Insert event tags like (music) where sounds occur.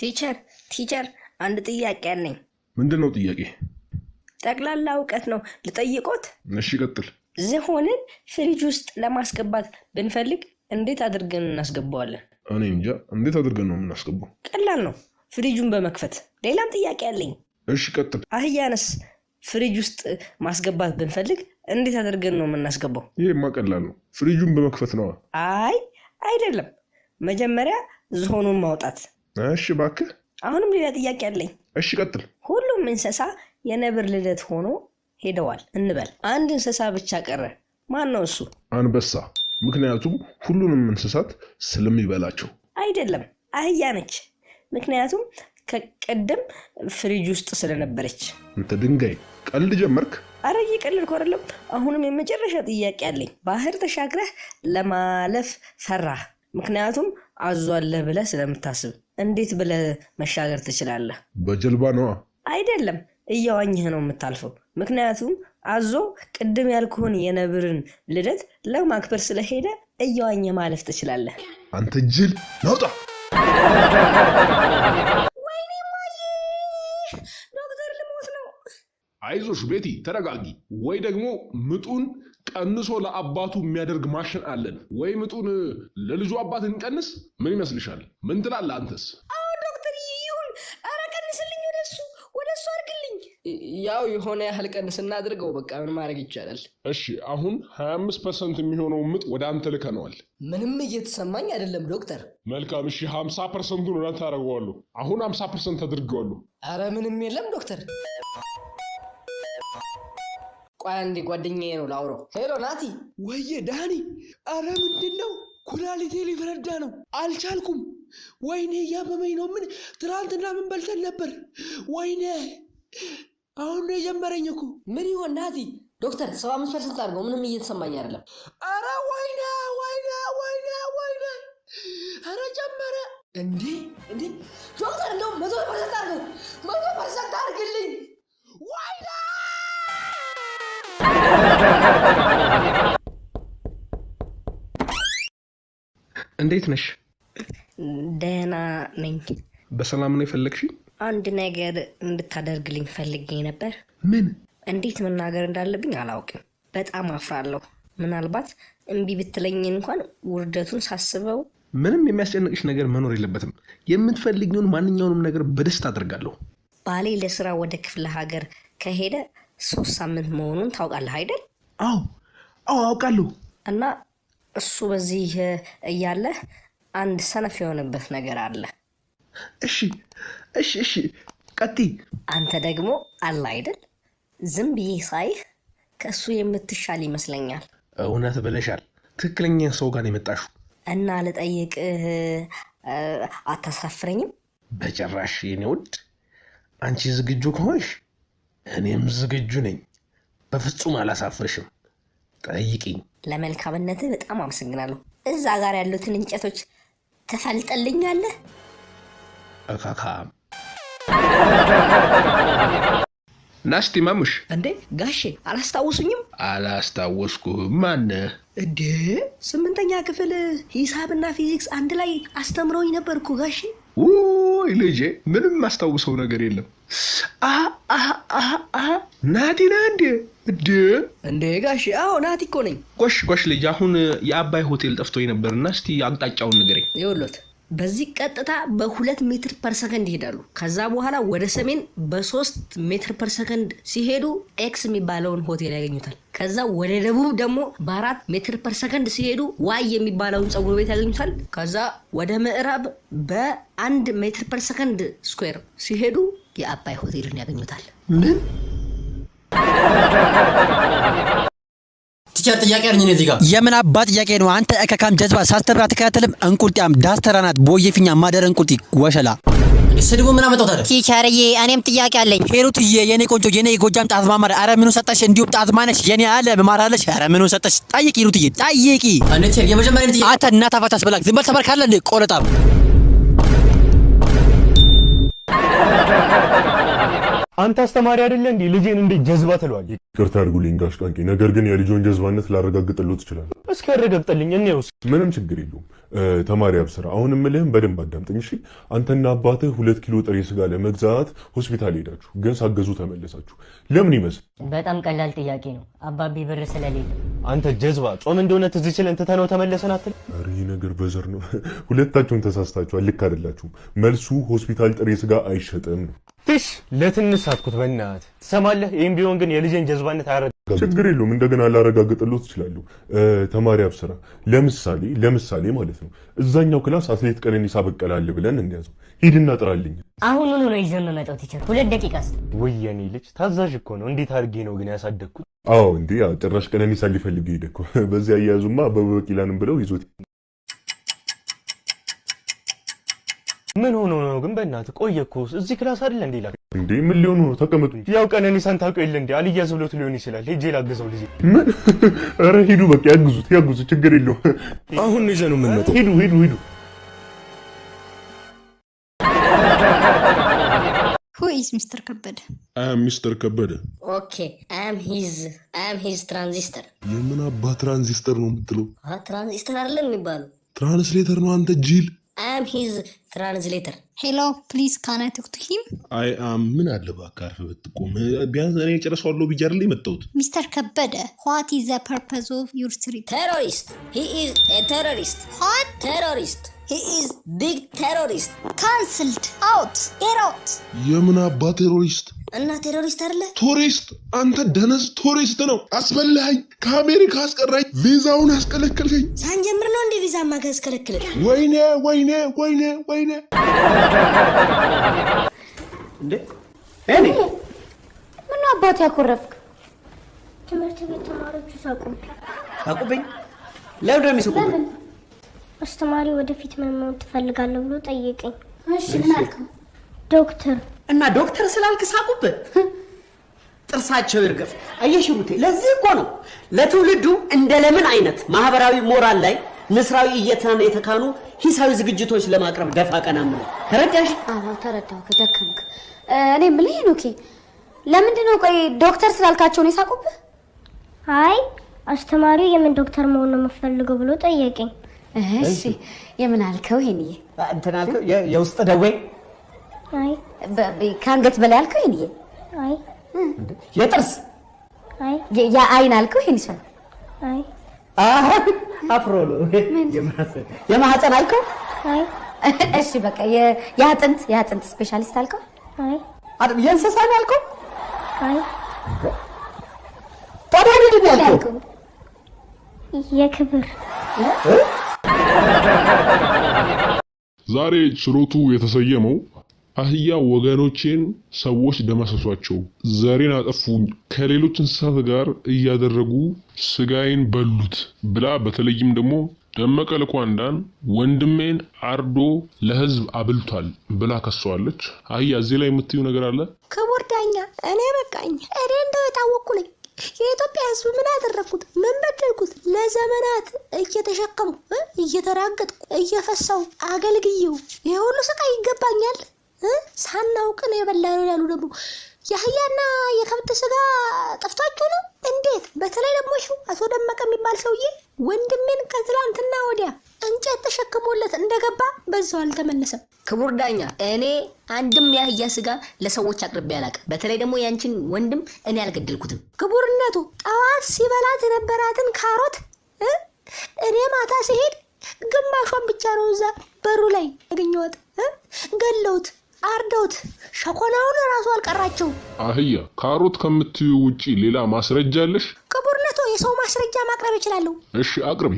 ቲቸር ቲቸር አንድ ጥያቄ አለኝ። ምንድን ነው ጥያቄ? ጠቅላላ እውቀት ነው ልጠይቆት። እሺ ይቀጥል። ዝሆንን ፍሪጅ ውስጥ ለማስገባት ብንፈልግ እንዴት አድርገን እናስገባዋለን? እኔ እንጃ። እንዴት አድርገን ነው የምናስገባው? ቀላል ነው፣ ፍሪጁን በመክፈት። ሌላም ጥያቄ አለኝ። እሺ ቀጥል። አህያንስ ፍሪጅ ውስጥ ማስገባት ብንፈልግ እንዴት አድርገን ነው የምናስገባው? ይሄማ ቀላል ነው፣ ፍሪጁን በመክፈት ነዋ። አይ አይደለም፣ መጀመሪያ ዝሆኑን ማውጣት እሺ እባክህ። አሁንም ሌላ ጥያቄ አለኝ። እሺ ቀጥል። ሁሉም እንስሳ የነብር ልደት ሆኖ ሄደዋል እንበል፣ አንድ እንስሳ ብቻ ቀረ። ማን ነው እሱ? አንበሳ። ምክንያቱም ሁሉንም እንስሳት ስለሚበላቸው። አይደለም፣ አህያ ነች። ምክንያቱም ከቀደም ፍሪጅ ውስጥ ስለነበረች። እንተ ድንጋይ ቀልድ ጀመርክ። አረ እየቀለድኩ ኮረለም። አሁንም የመጨረሻ ጥያቄ አለኝ። ባህር ተሻግረህ ለማለፍ ፈራህ ምክንያቱም አዟለ ብለ ስለምታስብ እንዴት ብለ መሻገር ትችላለህ? በጀልባ ነዋ። አይደለም እያዋኝህ ነው የምታልፈው። ምክንያቱም አዞ ቅድም ያልኩህን የነብርን ልደት ለማክበር ስለሄደ እያዋኘህ ማለፍ ትችላለህ። አንተ ጅል ናውጣ! ዶክተር ልሞት ነው። አይዞሽ ቤቲ ተረጋጊ። ወይ ደግሞ ምጡን ቀንሶ ለአባቱ የሚያደርግ ማሽን አለን ወይ? ምጡን ለልጁ አባት እንቀንስ። ምን ይመስልሻል? ምን ትላለህ አንተስ? አዎ ዶክተር ይሁን። ኧረ ቀንስልኝ፣ ወደሱ ወደሱ ወደ አድርግልኝ። ያው የሆነ ያህል ቀንስ እናድርገው። በቃ ምን ማድረግ ይቻላል። እሺ አሁን 25 ፐርሰንት የሚሆነው ምጥ ወደ አንተ ልከነዋል። ምንም እየተሰማኝ አይደለም ዶክተር። መልካም እሺ፣ 50 ፐርሰንቱን ወደ አንተ አደርገዋለሁ። አሁን 50 ፐርሰንት አድርገዋለሁ። ኧረ ምንም የለም ዶክተር ቆይ አንዴ ጓደኛዬ ነው ላውራው። ሄሎ ናቲ። ወየ ዳኒ፣ አረ ምንድን ነው? ኩላሊቴ ሊፈረዳ ነው፣ አልቻልኩም። ወይኔ እያመመኝ ነው። ምን ትናንትና ምን በልተን ነበር? ወይኔ አሁን ነው የጀመረኝ እኮ። ምን ይሆን ናቲ? ዶክተር ሰባ አምስት ፐርሰንት አድርገው። ምንም እየተሰማኝ አይደለም። አረ ወይነ ወይነ ወይነ ወይነ፣ አረ ጀመረ እንዴ! እንዴ ዶክተር እንደውም መቶ ፐርሰንት አድርገው፣ መቶ ፐርሰንት አድርግልኝ ወይነ እንዴት ነሽ? ደህና ነኝ። በሰላም ነው የፈለግሽ? አንድ ነገር እንድታደርግልኝ ፈልጌ ነበር። ምን? እንዴት መናገር እንዳለብኝ አላውቅም። በጣም አፍራለሁ። ምናልባት እምቢ ብትለኝ እንኳን ውርደቱን ሳስበው። ምንም የሚያስጨንቅሽ ነገር መኖር የለበትም። የምትፈልጊውን ማንኛውንም ነገር በደስታ አደርጋለሁ። ባሌ ለስራ ወደ ክፍለ ሀገር ከሄደ ሶስት ሳምንት መሆኑን ታውቃለህ አይደል? አዎ አዎ አውቃለሁ። እና እሱ በዚህ እያለ አንድ ሰነፍ የሆነበት ነገር አለ። እሺ እሺ እሺ ቀጥይ። አንተ ደግሞ አለ አይደል ዝም ብዬ ሳይህ ከእሱ የምትሻል ይመስለኛል። እውነት ብለሻል። ትክክለኛ ሰው ጋር ነው የመጣሹ። እና ልጠይቅህ አታሳፍረኝም? በጭራሽ የኔ ውድ። አንቺ ዝግጁ ከሆንሽ እኔም ዝግጁ ነኝ። በፍጹም አላሳፍርሽም። ጠይቂኝ። ለመልካምነት በጣም አመሰግናለሁ። እዛ ጋር ያሉትን እንጨቶች ትፈልጠልኛለህ? እካካ ናስቲ ማሙሽ፣ እንዴ ጋሼ አላስታወሱኝም? አላስታወስኩም። ማነ እንዴ ስምንተኛ ክፍል ሂሳብና ፊዚክስ አንድ ላይ አስተምረውኝ ነበርኩ ጋሼ ውይ ልጄ ምንም ማስታውሰው ነገር የለም። ናቲ ነህ እንዴ? እንዴ እንዴ ጋሽ? አዎ ናቲ እኮ ነኝ። ጎሽ ጎሽ ልጅ፣ አሁን የአባይ ሆቴል ጠፍቶ ነበርና እስቲ አቅጣጫውን ንገረኝ። ይኸውልዎት በዚህ ቀጥታ በሁለት ሜትር ፐር ሰከንድ ይሄዳሉ። ከዛ በኋላ ወደ ሰሜን በሶስት ሜትር ፐር ሰከንድ ሲሄዱ ኤክስ የሚባለውን ሆቴል ያገኙታል። ከዛ ወደ ደቡብ ደግሞ በአራት ሜትር ፐር ሰከንድ ሲሄዱ ዋይ የሚባለውን ፀጉር ቤት ያገኙታል። ከዛ ወደ ምዕራብ በአንድ ሜትር ፐር ሰከንድ ስኩዌር ሲሄዱ የአባይ ሆቴልን ያገኙታል። ምን ቲቸር ጥያቄ አለኝ እዚህ ጋር። የምን አባ ጥያቄ ነው? አንተ እከካም ጀዝባ ሳስተብራ አትከታተልም። እንቁልጥያም ዳስተራናት ቦየፊኛ ማደር እንቁልጥ ወሸላ ስድቡ ምን አመጣው ታዲያ? ቲቸርዬ እኔም ጥያቄ አለኝ። ሄሩትዬ የኔ ቆንጆ የኔ ጎጃም ጣት ጣዝማማር አረ ምኑ ሰጠሽ? እንዲሁም ማነሽ የኔ አለ መማራለሽ። አረ ምኑ ሰጠሽ? ጠይቂ ሄሩትዬ ጠይቂ። አንቺ የመጀመሪያ ጥያቄ አታ እናታፋታስ ብላክ ዝም በል ተበርካለ ቆረጣም አንተ አስተማሪ አይደለ እንዴ? ልጄን እንዴት ጀዝባ ትለዋለህ? ይቅርታ አድርጉልኝ ጋሽ ቃንቄ፣ ነገር ግን የልጆን ጀዝባነት ላረጋግጥልዎት ይችላል። እስኪ ያረጋግጥልኝ፣ እንየው። ምንም ችግር የለውም። ተማሪ አብስራ፣ አሁን የምልህም በደንብ አዳምጠኝ እሺ። አንተና አባትህ ሁለት ኪሎ ጥሬ ስጋ ለመግዛት ሆስፒታል ሄዳችሁ፣ ግን ሳገዙ ተመለሳችሁ። ለምን ይመስል? በጣም ቀላል ጥያቄ ነው አባቢ፣ ብር ስለሌለ አንተ ጀዝባ ጾም እንደሆነ ትዝ ይችለን ትተነው ተመለሰን አትል። ኧረ ይህ ነገር በዘር ነው። ሁለታችሁም ተሳስታችኋል። ልክ አይደላችሁም። መልሱ ሆስፒታል ጥሬ ስጋ አይሸጥም ነው። ትሽ ለትንሽ ሳትኩት በእናትህ ትሰማለህ። ይህም ቢሆን ግን የልጅን ጀዝባነት አያረ ችግር የለውም እንደገና ላረጋግጥልዎ ትችላለሁ። ተማሪ አብስራ ለምሳሌ ለምሳሌ ማለት ነው እዛኛው ክላስ አትሌት ቀነኒሳ በቀለ አለ ብለን እንያዘው ሂድና ጥራልኝ። አሁን ኑ ነው ይዤ መጣው። ቲቸር። ሁለት ደቂቃ ውስጥ። ወየኔ ልጅ ታዛዥ እኮ ነው። እንዴት አድርጌ ነው ግን ያሳደግኩት? አዎ እንዴ! ጭራሽ ቀነኒሳ ሊፈልግ ሄደ እኮ። (laughs) በዚህ አያያዙማ አበበ ቢቂላንም ብለው ይዞት ምን ሆኖ ነው ግን? በእናትህ ቆየ እኮ እዚህ ክላስ አይደለ እንዴ? ላክ እንዴ ምን ሊሆኑ ነው? ተቀመጡ። ያው ቀነኒሳን ታውቀው የለ እንዴ? አልያዝ ብሎት ሊሆን ይችላል። ሄጄ ላገዘው ልጄ። ምን? ኧረ (laughs) ሂዱ በቃ ያግዙት፣ ያግዙት። ችግር የለውም። አሁን ይዘህ ነው የምንመጣው። ሂዱ ሂዱ ሂዱ ሁኢዝ ሚስተር ከበደ? አም ሚስተር ከበደ። ኦኬ አም ሂዝ አም ሂዝ ትራንዚስተር። የምን አባ ትራንዚስተር ነው የምትለው? ትራንዚስተር አይደለም የሚባለው ትራንስሌተር ነው አንተ ጅል። አም ሂዝ ትራንስሌተር ሄሎ ፕሊዝ ካና ቶክ ቱ ሂም አይ ምን አለ እባክህ አርፈህ ብትቆም ቢያንስ እኔ ጨርሰዋለሁ ብዬ አይደል የመጣሁት ሚስተር ከበደ ዋት ኢዝ ዘ ፐርፐዝ ኦፍ ዩር ትሪት ቴሮሪስት ሂ ኢዝ ኤ ቴሮሪስት ዋት ቴሮሪስት ሂ ኢዝ ቢግ ቴሮሪስት ካንስልድ አውት ኤር አውት የምን አባ ቴሮሪስት እና ቴሮሪስት አለ ቱሪስት አንተ ደነዝ ቱሪስት ነው አስበላኸኝ ከአሜሪካ አስቀራኝ ቪዛውን አስከለከልከኝ ሳንጀምር ነው እንደ ቪዛ ማከ ያስከለክልን ወይኔ ወይኔ ወይኔ ወይኔ እንዴ! እኔ ምን አባቱ ያኮረፍክ? ትምህርት ቤት ተማሪዎቹ ሳቁብኝ። ሳቁብኝ? ለምን ነው የሚስቁብኝ? አስተማሪ ወደፊት ምን መሆን ትፈልጋለህ ብሎ ጠየቀኝ። እሺ ምን አልከው? ዶክተር እና ዶክተር ስላልክ ሳቁብህ። ጥርሳቸው ይርገፍ። አየሽ ሩቴ፣ ለዚህ እኮ ነው ለትውልዱ እንደ ለምን አይነት ማህበራዊ ሞራል ላይ ምስራዊ እየታን የተካኑ ሂሳዊ ዝግጅቶች ለማቅረብ ደፋ ቀና ምለ ተረዳሽ? አዎ ተረዳው። ከደከምክ እኔ ምን የምልህ ሄኖኬ፣ ለምንድን ነው ቆይ ዶክተር ስላልካቸው ነው የሳቁብህ? አይ አስተማሪው የምን ዶክተር መሆን ነው የምፈልገው ብሎ ጠየቀኝ። እሺ የምን አልከው? ሄንዬ እንትን አልከው? የውስጥ ደዌ አይ ከአንገት በላይ አልከው? ይሄን አይ የጥርስ አይ የአይን አልከው? ይሄን ሄንሰ አይ አፍሮ ነው የማህፀን አልከው። እሺ በቃ የአጥንት የአጥንት ስፔሻሊስት አልከው። የእንስሳ ነው አይ ታዲያ ምንድን ነው ያልከው? የክብር ዛሬ ችሎቱ የተሰየመው አህያ ወገኖቼን ሰዎች ደመሰሷቸው፣ ዘሬን አጠፉኝ፣ ከሌሎች እንስሳት ጋር እያደረጉ ስጋዬን በሉት ብላ በተለይም ደግሞ ደመቀ ልኳንዳን ወንድሜን አርዶ ለህዝብ አብልቷል ብላ ከሰዋለች። አህያ እዚህ ላይ የምትዩ ነገር አለ? ክቡር ዳኛ፣ እኔ በቃኝ። እኔ እንደው የታወቅኩ ነኝ። የኢትዮጵያ ህዝብ ምን አደረግኩት? ምን በደልኩት? ለዘመናት እየተሸከሙ እየተራገጥኩ እየፈሳው አገልግየው የሁሉ ስቃይ ይገባኛል? ሳናውቅን የበላ ነው ያሉ ደግሞ የአህያና የከብት ስጋ ጠፍቷችሁ ነው እንዴት? በተለይ ደግሞ ይኸው አቶ ደመቀ የሚባል ሰውዬ ወንድሜን ከትላንትና ወዲያ እንጨት ተሸክሞለት እንደገባ በዛው አልተመለሰም። ክቡር ዳኛ፣ እኔ አንድም የአህያ ስጋ ለሰዎች አቅርቤ አላቅም። በተለይ ደግሞ ያንቺን ወንድም እኔ አልገደልኩትም። ክቡርነቱ ጠዋት ሲበላት የነበራትን ካሮት እኔ ማታ ሲሄድ ግማሿን ብቻ ነው እዛ በሩ ላይ ያገኘኋት ገለውት አርዶት ሸኮናውን ራሱ አልቀራቸው። አህያ ካሮት ከምትዩ ውጪ ሌላ ማስረጃ አለሽ? ክቡርነቶ፣ የሰው ማስረጃ ማቅረብ ይችላለሁ። እሺ አቅርቢ።